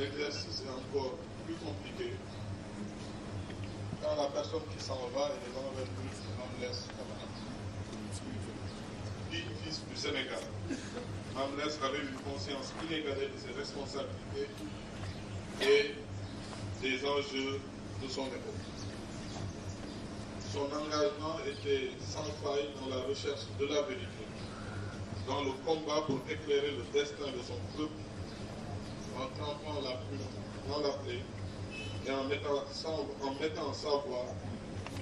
l'exercice est encore plus compliqué quand la personne qui s'en va et les envahis en laisse Dix fils du Sénégal. Amnes avait une conscience inégalée de ses responsabilités et des enjeux de son époque. Son engagement était sans faille dans la recherche de la vérité, dans le combat pour éclairer le destin de son peuple en trempant la plume dans la et en mettant, sans, voix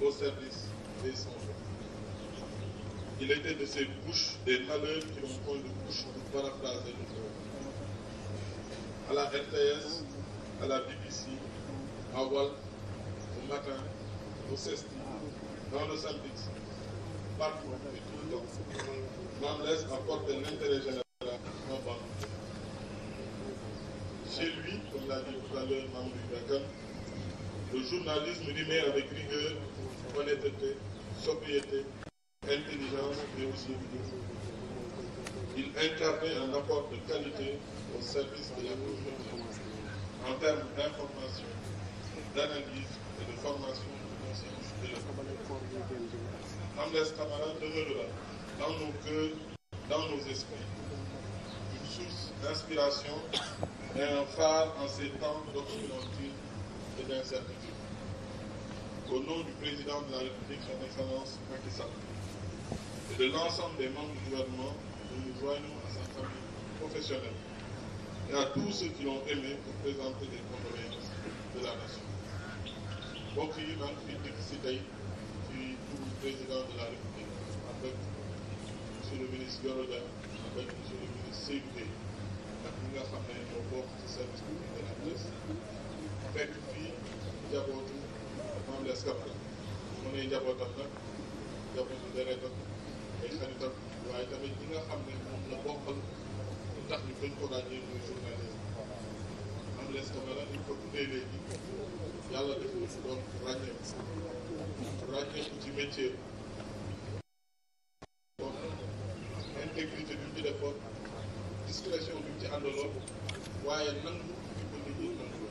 au service des sans Il était de ces bouches des malheurs qui ont point de bouche pour paraphraser le corps. À la RTS, à la BBC, à au matin, au Sesti, dans le samedi, partout le temps. Mamles l'intérêt général en banque. chez lui, comme l'a dit tout à l'heure Mamoudou le journalisme numère avec rigueur, honnêteté, sobriété, intelligence et aussi Il incarnait un apport de qualité au service de la communauté en termes d'information, d'analyse et de formation de conscience de la dans nos cœurs, dans nos esprits, une source d'inspiration est un en ces temps d'obscurité et d'incertitude. Au nom du président de la République, son Excellence Macky et de l'ensemble des membres du gouvernement, nous joignons à sa famille professionnelle et à tous ceux qui l'ont aimé pour présenter des condoléances de la nation. mbokk yi maa ngi fi dikk président de la République avec monsieur le ministre Yoro avec monsieur le ministre Seydou ak ñi nga xam ne ñoo bokk ci service public de fekk fii jabootu Mame Less Camara mu ne jabootam nag jabootu deretam waaye tamit ñi nga xam ne moom la bokkal ñu bañ muy journaliste Mame Less Camara ni ko tuddee léegi yàlla def ko fi doon ràññee ràññee ko ci métier kon intégrité bi mu discrétion bi ci àndaloo waaye nangu ñu ko liggéey nangu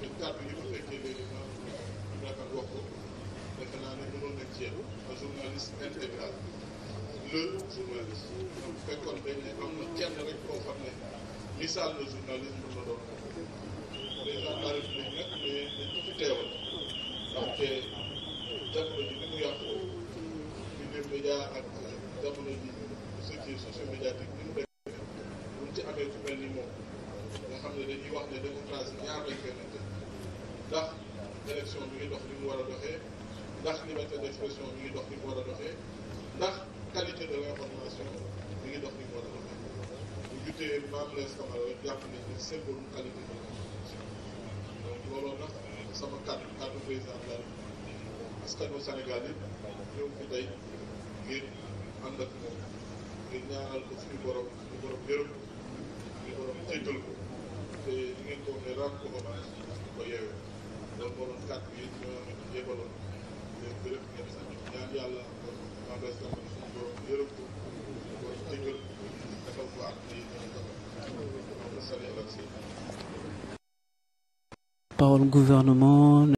te kàddu yi bu fekkee léegi ma Ibrahima wax ko defe naa ne mënoon na ci yéen un journaliste intégral le journaliste bu fekkoon dañ ne am na kenn rek koo xam ne misaal le journaliste mën na doon président de la République nag mais dañ ko fi teewal ndaxte jamono ji ni mu yàqu milieu média ak jamono ji ce qui est socio médiatique ci amee ku mel ni moom nga xam ne dañuy wax ne démocratie ñaar lañ koy natte ndax élection mi ngi dox li mu a doxee mi ngi dox li mu war a doxee ndax qualité de l' information ngi dox li mu war a doxee bu jutee Mame Less Camara rek jàpp ne symbole qualité yi ñëw fi tey ngir ànd ak moom ngir ñaanal ko suñu borom suñu borom yërëm suñu borom jéggal ko te li ngeen ko waxee rendre ko hommage di ko yeewee loolu moo doon kàddu yi ñu ma leen yebaloon leen gërëm ngeen sant ñaan yàlla Mame Less Camara suñu borom yërëm ko suñu borom jéggal defal ko ak yi ñu defal. Parole gouvernement.